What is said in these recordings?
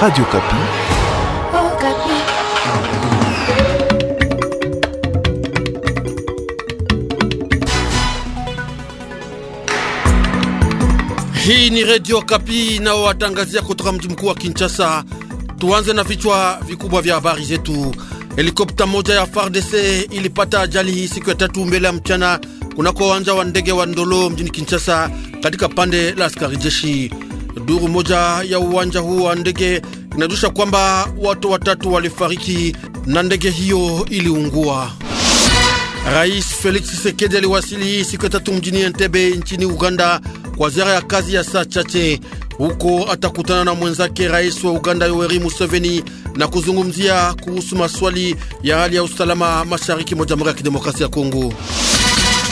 Radio Kapi. Oh, Kapi. Hii ni Radio Kapi nao watangazia kutoka mji mkuu wa Kinshasa. Tuanze na vichwa vikubwa vya habari zetu. Helikopta moja ya FARDC ilipata ajali hii siku ya tatu mbele ya mchana kunako uwanja wa ndege wa Ndolo mjini Kinshasa katika pande la askari jeshi. Duru moja ya uwanja huu wa ndege inajusha kwamba watu watatu walifariki na ndege hiyo iliungua. Rais Felix Tshisekedi aliwasili siku ya tatu mjini Entebbe nchini Uganda kwa ziara ya kazi ya saa chache. Huko atakutana na mwenzake rais wa Uganda Yoweri Museveni na kuzungumzia kuhusu maswali ya hali ya usalama mashariki mwa Jamhuri ya Kidemokrasia ya Kongo.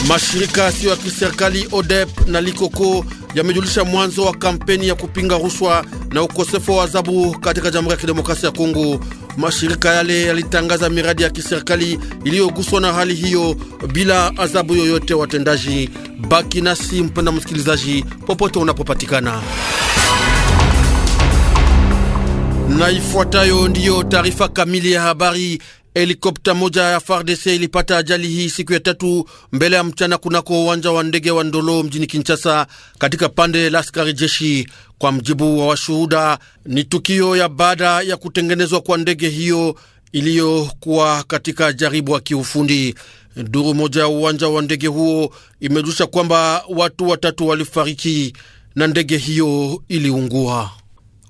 Mashirika asiyo ya kiserikali ODEP na Likoko yamejulisha mwanzo wa kampeni ya kupinga rushwa na ukosefu wa adhabu katika Jamhuri ya Kidemokrasia ya Kongo. Mashirika yale yalitangaza miradi ya kiserikali iliyoguswa na hali hiyo bila adhabu yoyote watendaji. Baki nasi mpenda msikilizaji, popote unapopatikana, na ifuatayo ndiyo taarifa kamili ya habari. Helikopta moja ya FARDC ilipata ajali hii siku ya tatu mbele ya mchana kunako uwanja wa ndege wa Ndolo mjini Kinshasa, katika pande la askari jeshi. Kwa mjibu wa washuhuda, ni tukio ya baada ya kutengenezwa kwa ndege hiyo iliyokuwa katika jaribu wa kiufundi. Duru moja ya uwanja wa ndege huo imejusha kwamba watu watatu walifariki na ndege hiyo iliungua.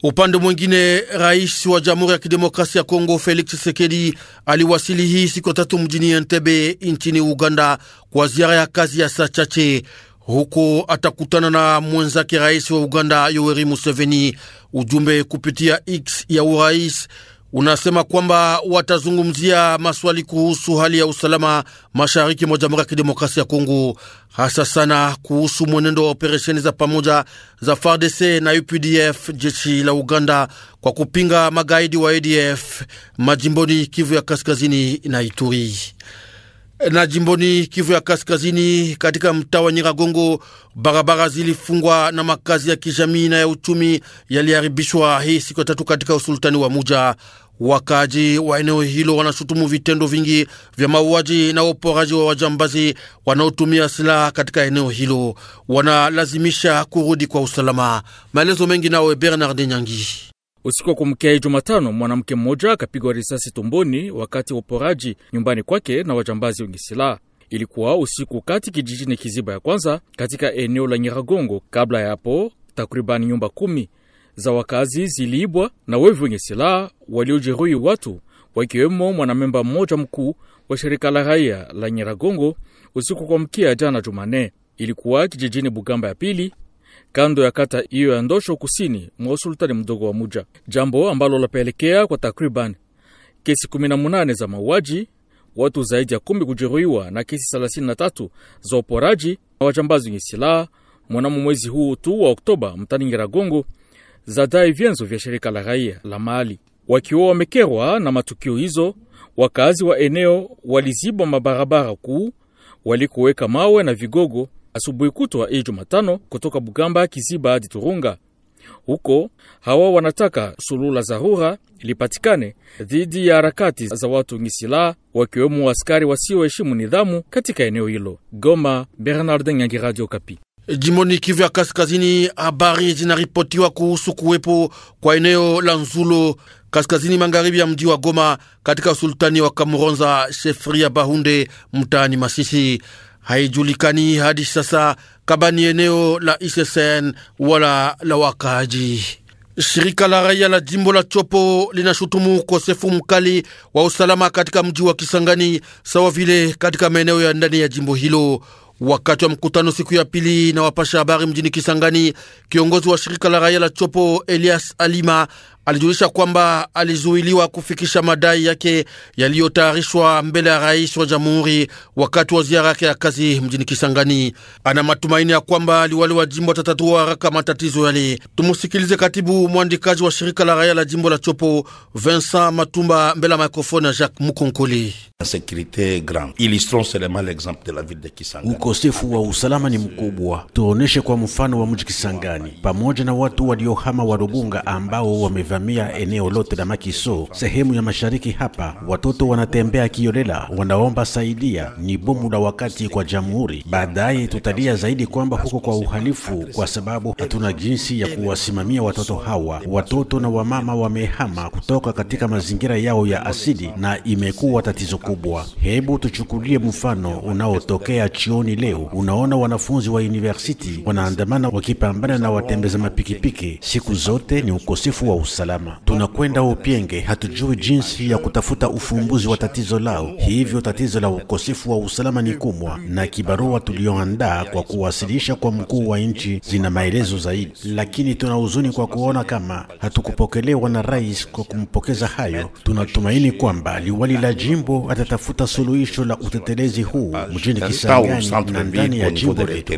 Upande mwingine, rais wa Jamhuri ya Kidemokrasia ya Kongo Felix Tshisekedi aliwasili hii siku tatu mjini Entebbe nchini Uganda kwa ziara ya kazi ya saa chache. Huko atakutana na mwenzake rais wa Uganda Yoweri Museveni. Ujumbe kupitia X ya urais unasema kwamba watazungumzia maswali kuhusu hali ya usalama mashariki mwa Jamhuri ya Kidemokrasia ya Kongo, hasa sana kuhusu mwenendo wa operesheni za pamoja za FARDC na UPDF, jeshi la Uganda, kwa kupinga magaidi wa ADF majimboni Kivu ya Kaskazini na Ituri na jimboni Kivu ya Kaskazini, katika mtaa wa Nyiragongo, barabara zilifungwa na makazi ya kijamii na ya uchumi yaliharibishwa hii siku ya tatu katika usultani wa Muja. Wakaaji wa eneo hilo wanashutumu vitendo vingi vya mauaji na uporaji wa wajambazi wanaotumia silaha katika eneo hilo, wanalazimisha kurudi kwa usalama. Maelezo mengi nawe Bernard Nyangi. Usiku wa kumkia Jumatano, mwanamke mmoja akapigwa risasi tumboni wakati wa uporaji nyumbani kwake na wajambazi wenye silaha. Ilikuwa usiku kati kijijini Kiziba ya kwanza katika eneo la Nyiragongo. Kabla ya hapo, takribani nyumba kumi za wakazi ziliibwa na wevi wenye silaha waliojeruhi watu wakiwemo mwanamemba mmoja mkuu wa shirika la raia la Nyiragongo usiku kwa mkia jana Jumanne. Ilikuwa kijijini Bugamba ya pili kando ya kata hiyo ya Ndosho kusini mwa usultani mdogo wa Muja, jambo ambalo lapelekea kwa takriban kesi 18 za mauaji, watu zaidi ya kumi kujeruhiwa na kesi 33 za uporaji na wajambazi wenye silaha mwanamo mwezi huu tu wa Oktoba mtani Nyiragongo zadai vyanzo vya shirika la raia la Mali. Wakiwa wamekerwa na matukio hizo, wakazi wa eneo waliziba mabarabara kuu, walikuweka mawe na vigogo asubuhi kutwa hii Jumatano kutoka Bugamba Kiziba hadi Turunga. Huko hawa wanataka suluhu la dharura lipatikane dhidi ya harakati za watu wenye silaha wakiwemo askari wasioheshimu nidhamu katika eneo hilo. Goma, Bernardin Nyangi, Radio Kapi. Jimboni Kivu ya Kaskazini, habari zinaripotiwa kuhusu kuwepo kwa eneo la Nzulo kaskazini magharibi ya mji wa Goma katika usultani wa Kamuronza, shefri ya Bahunde mtaani Masisi. Haijulikani hadi sasa kama ni eneo la ISSN wala la wakaaji. Shirika la raia la jimbo la Chopo linashutumu ukosefu mkali wa usalama katika mji wa Kisangani sawa vile katika maeneo ya ndani ya jimbo hilo. Wakati wa mkutano siku ya pili na wapasha habari mjini Kisangani, kiongozi wa shirika la raia la Chopo Elias Alima alijulisha kwamba alizuiliwa kufikisha madai yake yaliyotayarishwa mbele ya rais wa jamhuri wakati wa ziara yake ya kazi mjini Kisangani. Ana matumaini ya kwamba liwali wa jimbo atatatua haraka matatizo yale. Tumusikilize katibu mwandikaji wa shirika la raia la jimbo la Chopo, Vincent Matumba, mbele ya mikrofoni ya Jacques Mukonkoli. Ukosefu wa usalama ni mkubwa, tuoneshe kwa mfano wa mji Kisangani pamoja na watu waliohama wa ambao wameva kuvamia eneo lote la Makiso, sehemu ya mashariki hapa. Watoto wanatembea kiolela, wanaomba saidia, ni bomu la wakati kwa jamhuri. Baadaye tutalia zaidi kwamba huko kwa uhalifu, kwa sababu hatuna jinsi ya kuwasimamia watoto hawa. Watoto na wamama wamehama kutoka katika mazingira yao ya asili, na imekuwa tatizo kubwa. Hebu tuchukulie mfano unaotokea chioni leo. Unaona wanafunzi wa university wanaandamana wakipambana na watembeza mapikipiki. Siku zote ni ukosefu wa usalama usalama. Tunakwenda Upyenge, hatujui jinsi ya kutafuta ufumbuzi wa tatizo lao. Hivyo tatizo la ukosefu wa usalama ni kubwa, na kibarua tulioandaa kwa kuwasilisha kwa mkuu wa nchi zina maelezo zaidi, lakini tuna huzuni kwa kuona kama hatukupokelewa na rais kwa kumpokeza hayo. Tunatumaini kwamba liwali la jimbo atatafuta suluhisho la utetelezi huu mjini Kisangani na ndani ya jimbo letu.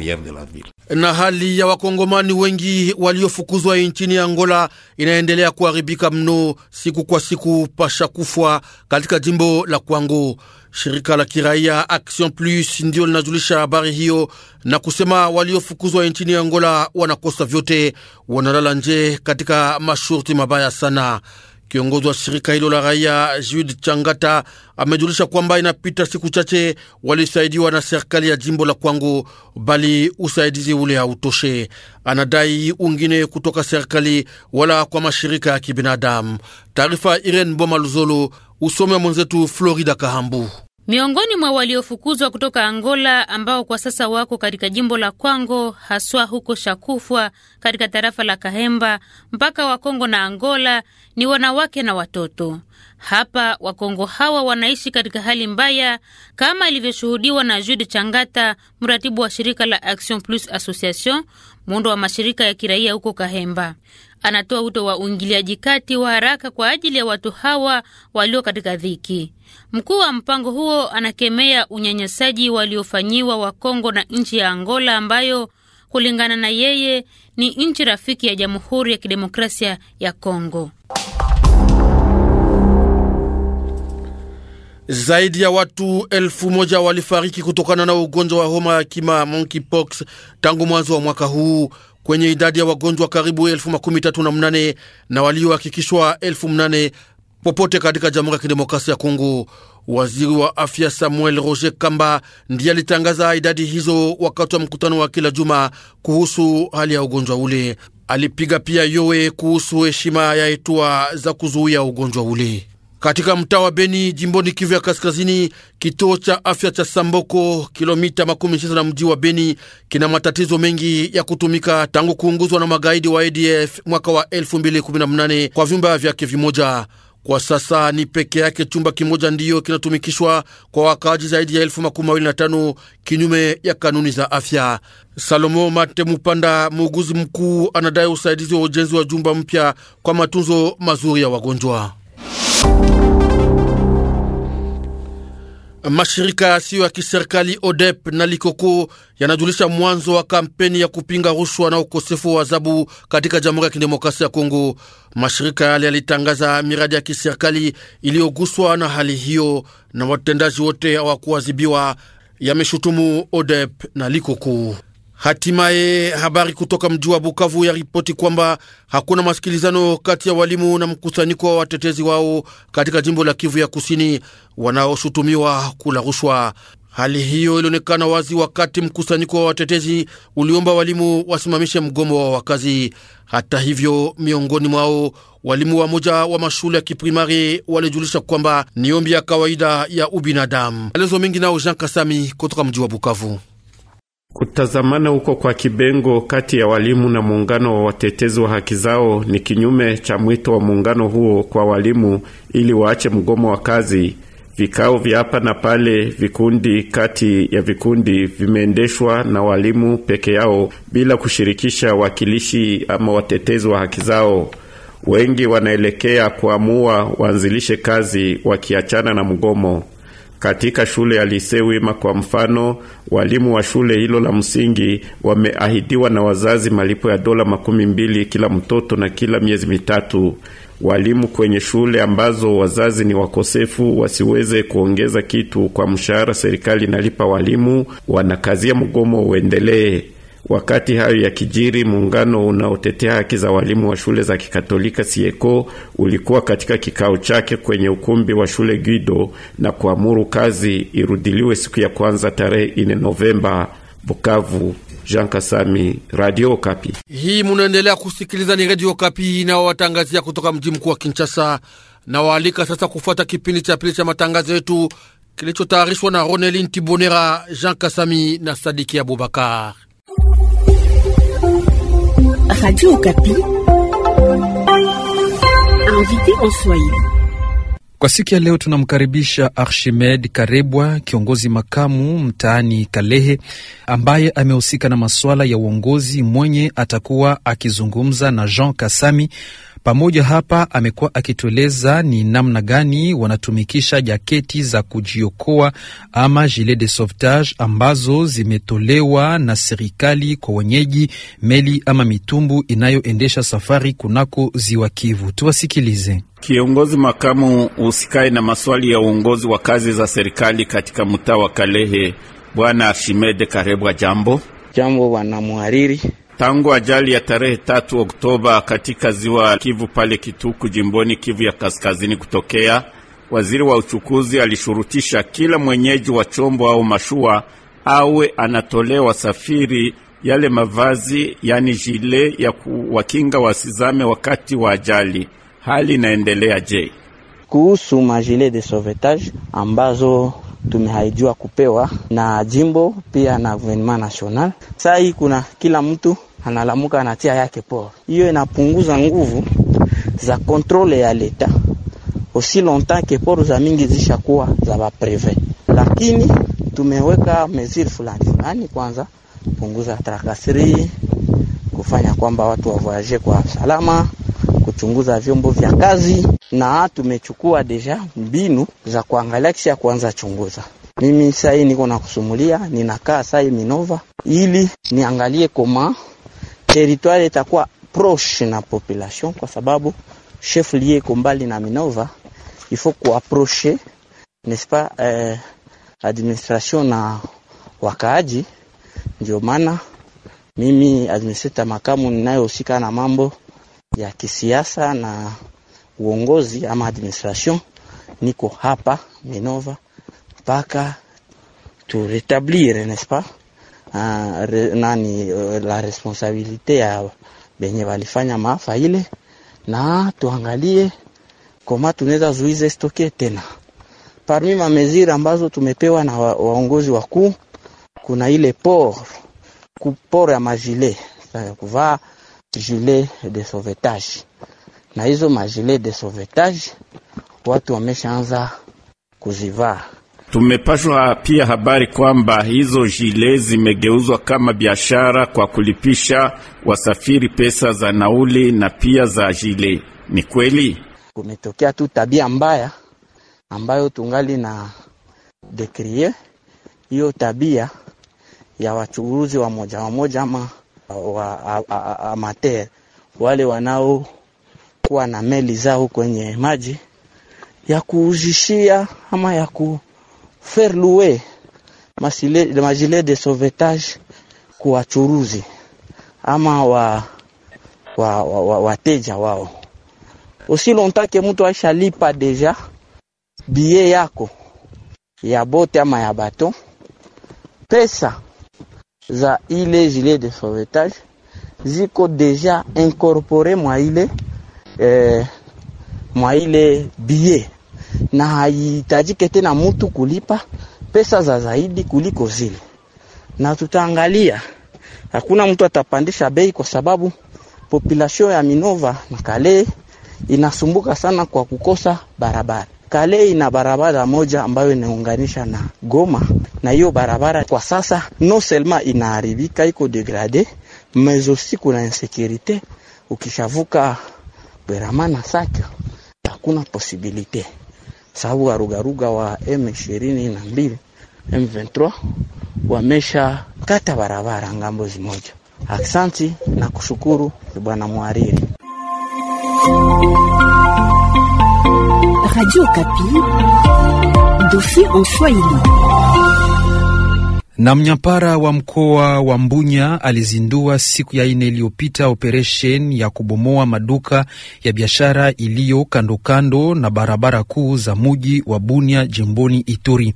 Na hali ya wakongomani wengi waliofukuzwa nchini Angola inaendelea kuharibika mno siku kwa siku pasha kufwa katika jimbo la Kwango. Shirika la kiraia Action Plus ndio linajulisha habari hiyo na kusema waliofukuzwa nchini Angola wanakosa vyote, wanalala nje katika masharti mabaya sana. Kiongozi wa shirika hilo la raia Jude Changata amejulisha kwamba inapita siku chache walisaidiwa na serikali ya jimbo la Kwango, bali usaidizi ule hautoshe. Anadai ungine kutoka serikali wala kwa mashirika ya kibinadamu. Taarifa Irene Boma Luzolo, usome mwenzetu Florida Kahambu. Miongoni mwa waliofukuzwa kutoka Angola ambao kwa sasa wako katika jimbo la Kwango haswa huko Shakufwa katika tarafa la Kahemba, mpaka wa Kongo na Angola, ni wanawake na watoto. Hapa Wakongo hawa wanaishi katika hali mbaya kama ilivyoshuhudiwa na Jude Changata, mratibu wa shirika la Action Plus Association, muundo wa mashirika ya kiraia huko Kahemba anatoa wito wa uingiliaji kati wa haraka kwa ajili ya watu hawa walio katika dhiki. Mkuu wa mpango huo anakemea unyanyasaji waliofanyiwa wa kongo na nchi ya Angola ambayo kulingana na yeye ni nchi rafiki ya Jamhuri ya Kidemokrasia ya Kongo. Zaidi ya watu elfu moja walifariki kutokana na ugonjwa wa homa ya kima monkeypox tangu mwanzo wa mwaka huu kwenye idadi ya wagonjwa karibu elfu makumi tatu na mnane na waliohakikishwa elfu mnane popote katika Jamhuri ya Kidemokrasia ya Kongo. Waziri wa afya Samuel Roger Kamba ndiye alitangaza idadi hizo wakati wa mkutano wa kila juma kuhusu hali ya ugonjwa ule. Alipiga pia yowe kuhusu heshima ya hatua za kuzuia ugonjwa ule katika mtaa wa Beni jimboni Kivu ya Kaskazini, kituo cha afya cha Samboko, kilomita makumi sita na mji wa Beni, kina matatizo mengi ya kutumika tangu kuunguzwa na magaidi wa ADF mwaka wa 2018 kwa vyumba vyake vimoja. Kwa sasa ni peke yake chumba kimoja ndiyo kinatumikishwa kwa wakaaji zaidi ya elfu makumi mawili na tano kinyume ya kanuni za afya. Salomo Mate Mupanda, muuguzi mkuu, anadai usaidizi wa ujenzi wa jumba mpya kwa matunzo mazuri ya wagonjwa. Mashirika yasiyo ya kiserikali ODEP na Likoko yanajulisha mwanzo wa kampeni ya kupinga rushwa na ukosefu wa adhabu katika Jamhuri ya Kidemokrasia ya Kongo. Mashirika yale yalitangaza miradi ya kiserikali iliyoguswa na hali hiyo, na watendaji wote hawakuadhibiwa, yameshutumu ODEP na Likoko. Hatimaye habari kutoka mji wa Bukavu ya ripoti kwamba hakuna masikilizano kati ya walimu na mkusanyiko wa watetezi wao katika jimbo la Kivu ya Kusini wanaoshutumiwa kula rushwa. Hali hiyo ilionekana wazi wakati mkusanyiko wa watetezi uliomba walimu wasimamishe mgomo wa wakazi. Hata hivyo, miongoni mwao walimu wa moja wa mashule ya kiprimari walijulisha kwamba ni ombi ya kawaida ya ubinadamu. alezo mingi nao Jean Kasami kutoka mji wa Bukavu. Kutazamana huko kwa kibengo kati ya walimu na muungano wa watetezi wa haki zao ni kinyume cha mwito wa muungano huo kwa walimu ili waache mgomo wa kazi. Vikao vya hapa na pale, vikundi kati ya vikundi, vimeendeshwa na walimu peke yao bila kushirikisha wakilishi ama watetezi wa haki zao. Wengi wanaelekea kuamua waanzilishe kazi wakiachana na mgomo. Katika shule ya Lisee Wima kwa mfano, walimu wa shule hilo la msingi wameahidiwa na wazazi malipo ya dola makumi mbili kila mtoto na kila miezi mitatu. Walimu kwenye shule ambazo wazazi ni wakosefu wasiweze kuongeza kitu kwa mshahara serikali inalipa walimu, wanakazia mgomo uendelee. Wakati hayo ya kijiri, muungano unaotetea haki za walimu wa shule za Kikatolika Sieko ulikuwa katika kikao chake kwenye ukumbi wa shule Guido na kuamuru kazi irudiliwe siku ya kwanza tarehe 4 Novemba. Bukavu, Jean Kasami, Radio Kapi. Hii munaendelea kusikiliza ni Radio Kapi inayowatangazia kutoka mji mkuu wa Kinshasa na waalika sasa kufuata kipindi cha pili cha matangazo yetu kilichotayarishwa na Ronelin Tibonera, Jean Kasami na Sadiki Abubakar. Radio Okapi invité en Swahili. Kwa siku ya leo tunamkaribisha Archimed Karebwa, kiongozi makamu mtaani Kalehe, ambaye amehusika na masuala ya uongozi, mwenye atakuwa akizungumza na Jean Kasami pamoja hapa amekuwa akitueleza ni namna gani wanatumikisha jaketi za kujiokoa ama gilet de sauvetage ambazo zimetolewa na serikali kwa wenyeji meli ama mitumbu inayoendesha safari kunako ziwa Kivu. Tuwasikilize. Kiongozi makamu usikae na maswali ya uongozi wa kazi za serikali katika mtaa wa Kalehe, Bwana Arshimede Karebwa, jambo jambo, bwana Tangu ajali ya tarehe tatu Oktoba katika ziwa Kivu pale Kituku jimboni Kivu ya kaskazini kutokea, waziri wa uchukuzi alishurutisha kila mwenyeji wa chombo au mashua awe anatolewa wasafiri yale mavazi yani jile ya kuwakinga wasizame wakati wa ajali. Hali inaendelea je kuhusu majile de sauvetage ambazo tumehaijua kupewa na jimbo pia na gouvernement national. Saa hii kuna kila mtu analamuka anatia yake poro, hiyo inapunguza nguvu za kontrole ya leta osi lontan ke poro za mingi zishakuwa za baprive, lakini tumeweka mesure fulani fulani, kwanza punguza trakasiri, kufanya kwamba watu wavoyaje kwa salama kuchunguza vyombo vya kazi, na tumechukua deja mbinu za kuangalia kisha kuanza chunguza. Mimi sai niko na kusumulia, ninakaa sai Minova ili niangalie koma teritwari itakuwa proche na population, kwa sababu chef lie iko mbali na Minova, ifo kuaproche nespa eh, administration na wakaaji. Ndio maana mimi administrateur makamu ninayohusika na mambo ya kisiasa na uongozi ama administration. Niko hapa Minova mpaka tu retablir pas uh, re, nani uh, la responsabilite ya benye walifanya maafa ile, na tuangalie koma tunaweza zuize stoke tena. Parmi mesure ambazo tumepewa na wa, waongozi wakuu kuna ile por kupora majile kuvaa gilet de sauvetage, na hizo magile de sauvetage watu wameshaanza kuzivaa. Tumepashwa pia habari kwamba hizo jile zimegeuzwa kama biashara kwa kulipisha wasafiri pesa za nauli na pia za jile. Ni kweli kumetokea tu tabia mbaya ambayo tungali na dekrie hiyo tabia ya wachuruzi wa moja wa moja ama wa a, a, a, amateur wale wanaokuwa na meli zao kwenye maji ya kuuzishia ama ya kuferlue majile de sauvetage wachuruzi ama wa wateja wa, wa, wa wao usilontake mtu aishalipa deja bie yako ya bote ama ya bato pesa za ile gilet de sauvetage ziko deja inkorpore mwa ile eh, mwa ile bie na haitajike tena mutu kulipa pesa za zaidi kuliko zile, na tutaangalia, hakuna mtu atapandisha bei kwa sababu population ya Minova na Kale inasumbuka sana kwa kukosa barabara. Kale ina barabara moja ambayo inaunganisha na Goma, na hiyo barabara kwa sasa no selma inaharibika, iko degrade mezosi, kuna insekurite. Ukishavuka Berama na Sake hakuna posibilite, sababu warugaruga wa M22 na mbili M23 wamesha kata barabara ngambo zimoja. Aksanti na kushukuru bwana mwariri Radio capille dossier en soi. Na mnyapara wa mkoa wa Mbunya alizindua siku ya nne iliyopita operesheni ya kubomoa maduka ya biashara iliyo kandokando na barabara kuu za muji wa Bunia jimboni Ituri.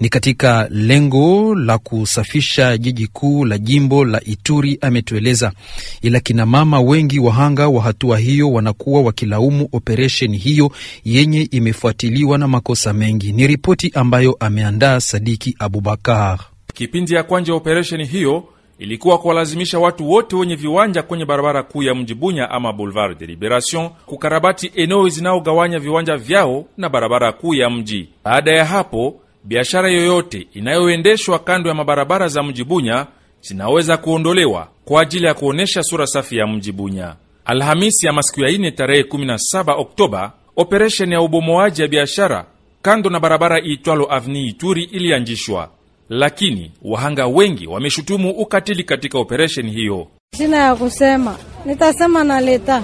Ni katika lengo la kusafisha jiji kuu la jimbo la Ituri, ametueleza. Ila kinamama wengi wahanga wa hatua hiyo wanakuwa wakilaumu operesheni hiyo yenye imefuatiliwa na makosa mengi. Ni ripoti ambayo ameandaa Sadiki Abubakar. Kipindi ya kwanja operesheni hiyo ilikuwa kuwalazimisha watu wote wenye viwanja kwenye barabara kuu ya mji Bunya ama Boulevard de Liberation kukarabati eneo zinaogawanya viwanja vyao na barabara kuu ya mji. Baada ya hapo, biashara yoyote inayoendeshwa kando ya mabarabara za mji Bunya zinaweza kuondolewa kwa ajili ya kuonyesha sura safi ya mji Bunya. Alhamisi ya masiku ya ine tarehe 17 Oktoba, operesheni ya ubomoaji ya biashara kando na barabara iitwalo Avni Ituri ilianjishwa lakini wahanga wengi wameshutumu ukatili katika operesheni hiyo. Sina ya kusema, nitasema na leta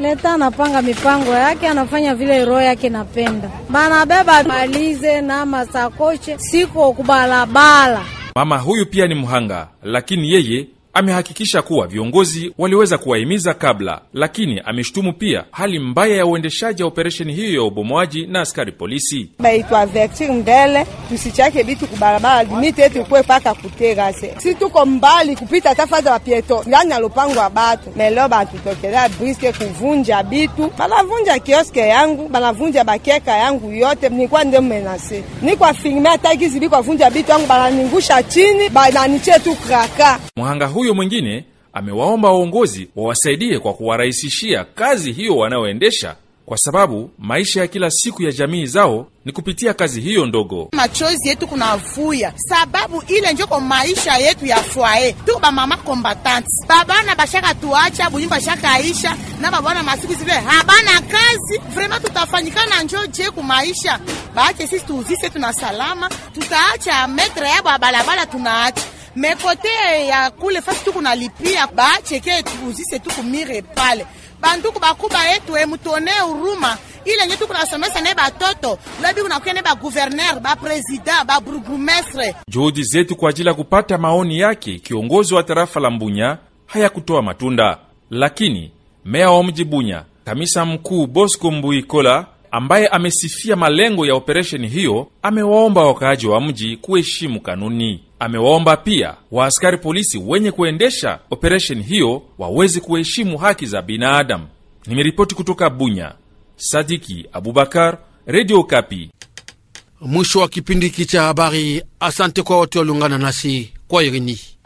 leta anapanga mipango yake, anafanya vile roho yake napenda, banabeba malize na masakoche siko kubalabala. Mama huyu pia ni mhanga, lakini yeye amehakikisha kuwa viongozi waliweza kuwahimiza kabla, lakini ameshutumu pia hali mbaya ya uendeshaji wa operesheni hiyo ya ubomoaji na askari polisi. baitwavertir mbele tusichake bitu kubarabara limite yetu ikuwe paka kuterase si tuko mbali kupita tafaza ndani ya lupango wa batu meleo batutokelea briske kuvunja bitu banavunja kioske yangu banavunja bakeka yangu yote nikwa nde nikwa firme bitu yangu bananingusha chini bananiche tu kraka mhanga huyo huyo mwingine amewaomba waongozi wawasaidie kwa kuwarahisishia kazi hiyo wanayoendesha, kwa sababu maisha ya kila siku ya jamii zao ni kupitia kazi hiyo ndogo. Machozi yetu kunavuya sababu ile njoko maisha yetu ya fwae tuko bamama kombatanti, babana bashaka tuacha bunyumba bashaka isha na babana masiku zile habana kazi vrema, tutafanyikana njo je ku maisha baake sisi tuuzise tuna salama, tutaacha metre yabo ya balabala tunaacha mekote eh, ya kule fasi tuku nalipia baacheke tuzise tuku mire pale banduku bakuba yetu emutone eh, uruma ile nye tuku nasomesa ne batoto lobi kunakuya ne baguverner baprezida baburgumestre. Juhudi zetu kwa ajili ya kupata maoni yake kiongozi wa tarafa la Mbunya hayakutoa matunda, lakini meya wa mji Bunya kamisa mkuu Bosco Mbuikola ambaye amesifia malengo ya operesheni hiyo amewaomba wakaaji wa mji kuheshimu kanuni. Amewaomba pia waaskari polisi wenye kuendesha operesheni hiyo waweze kuheshimu haki za binadamu. Nimeripoti kutoka Bunya, Sadiki Abubakar, Redio Kapi. Mwisho wa kipindi hiki cha habari. Asante kwa wote waliungana nasi kwa irini.